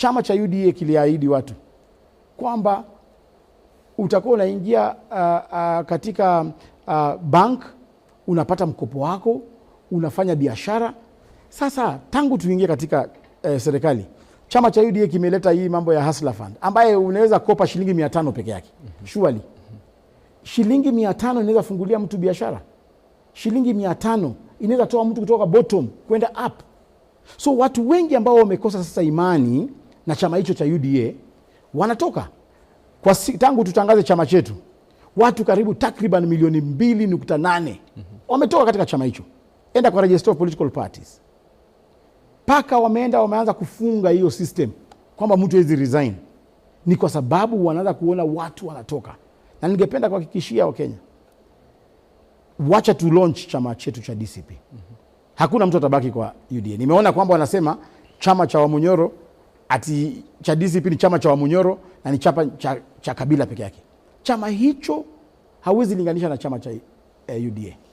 Chama cha UDA kiliahidi watu kwamba utakuwa unaingia uh, uh, katika uh, bank unapata mkopo wako unafanya biashara. Sasa tangu tuingie katika uh, serikali chama cha UDA kimeleta hii mambo ya Hustler Fund ambaye unaweza kopa shilingi mia tano peke yake mm -hmm. shilingi mia tano inaweza fungulia mtu biashara, shilingi mia tano inaweza toa mtu kutoka bottom kwenda up. So watu wengi ambao wamekosa sasa imani na chama hicho cha UDA wanatoka kwa tangu tutangaze chama chetu watu karibu takriban milioni mbili nukta nane mm -hmm. wametoka katika chama hicho. Enda kwa register of Political Parties, mpaka wameenda wameanza kufunga hiyo system kwamba mtu hawezi resign. Ni kwa sababu wanaanza kuona watu wanatoka, na ningependa kuhakikishia Wakenya, wacha tu launch chama chetu cha DCP. mm -hmm. hakuna mtu atabaki kwa UDA. Nimeona kwamba wanasema chama cha Wamunyoro ati cha DCP ni chama cha Wamunyoro na ni chapa cha, cha Kabila peke yake. Chama hicho hawezi linganisha na chama cha eh, UDA.